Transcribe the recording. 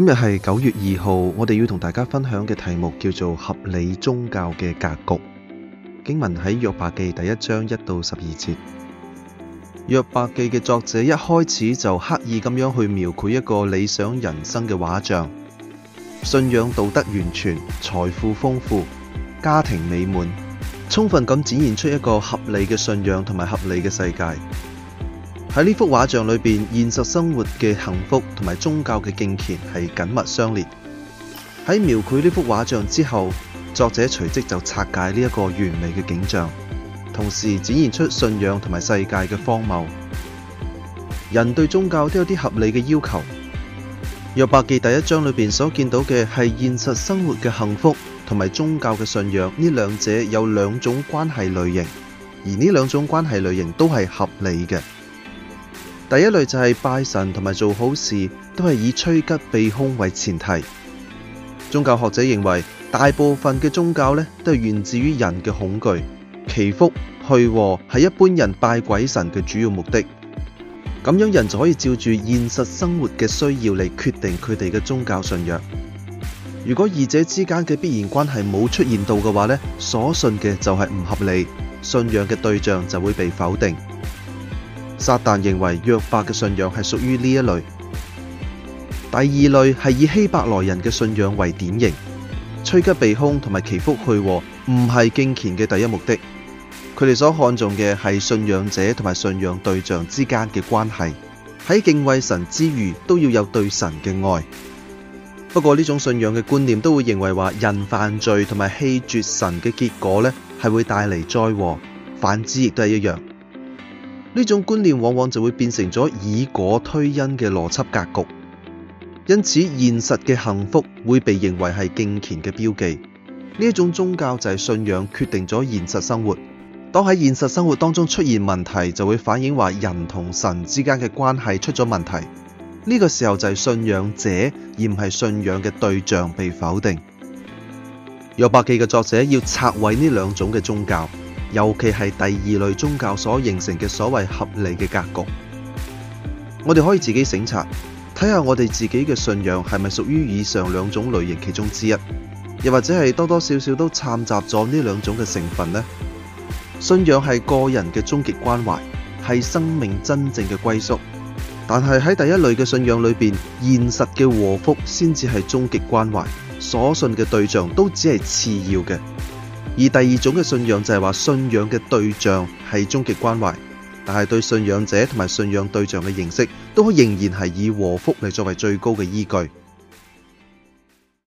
今日係九月二號，我哋要同大家分享嘅題目叫做合理宗教嘅格局。經文喺約伯記第一章一到十二節。約伯記嘅作者一開始就刻意咁樣去描繪一個理想人生嘅畫像，信仰道德完全，財富豐富，家庭美滿，充分咁展現出一個合理嘅信仰同埋合理嘅世界。喺呢幅畫像裏邊，現實生活嘅幸福同埋宗教嘅敬虔係緊密相連。喺描繪呢幅畫像之後，作者隨即就拆解呢一個完美嘅景象，同時展現出信仰同埋世界嘅荒謬。人對宗教都有啲合理嘅要求。約伯記第一章裏邊所見到嘅係現實生活嘅幸福同埋宗教嘅信仰，呢兩者有兩種關係類型，而呢兩種關係類型都係合理嘅。第一類就係拜神同埋做好事，都係以趨吉避兇為前提。宗教學者認為，大部分嘅宗教呢，都係源自於人嘅恐懼，祈福去禍係一般人拜鬼神嘅主要目的。咁樣人就可以照住現實生活嘅需要嚟決定佢哋嘅宗教信仰。如果二者之間嘅必然關係冇出現到嘅話呢，所信嘅就係唔合理，信仰嘅對象就會被否定。撒旦認為約伯嘅信仰係屬於呢一類。第二類係以希伯來人嘅信仰為典型，趨吉避兇同埋祈福去禍唔係敬虔嘅第一目的。佢哋所看重嘅係信仰者同埋信仰對象之間嘅關係。喺敬畏神之餘，都要有對神嘅愛。不過呢種信仰嘅觀念都會認為話人犯罪同埋棄絕神嘅結果呢係會帶嚟災禍，反之亦都係一樣。呢種觀念往往就會變成咗以果推因嘅邏輯格局，因此現實嘅幸福會被認為係敬虔嘅標記。呢一種宗教就係信仰決定咗現實生活，當喺現實生活當中出現問題，就會反映話人同神之間嘅關係出咗問題。呢個時候就係信仰者而唔係信仰嘅對象被否定。約伯記嘅作者要拆毀呢兩種嘅宗教。尤其係第二類宗教所形成嘅所謂合理嘅格局，我哋可以自己省察，睇下我哋自己嘅信仰係咪屬於以上兩種類型其中之一，又或者係多多少少都摻雜咗呢兩種嘅成分呢？信仰係個人嘅終極關懷，係生命真正嘅歸宿。但係喺第一類嘅信仰裏邊，現實嘅禍福先至係終極關懷，所信嘅對象都只係次要嘅。而第二種嘅信仰就係話，信仰嘅對象係終極關懷，但係對信仰者同埋信仰對象嘅認識，都仍然係以禍福嚟作為最高嘅依據。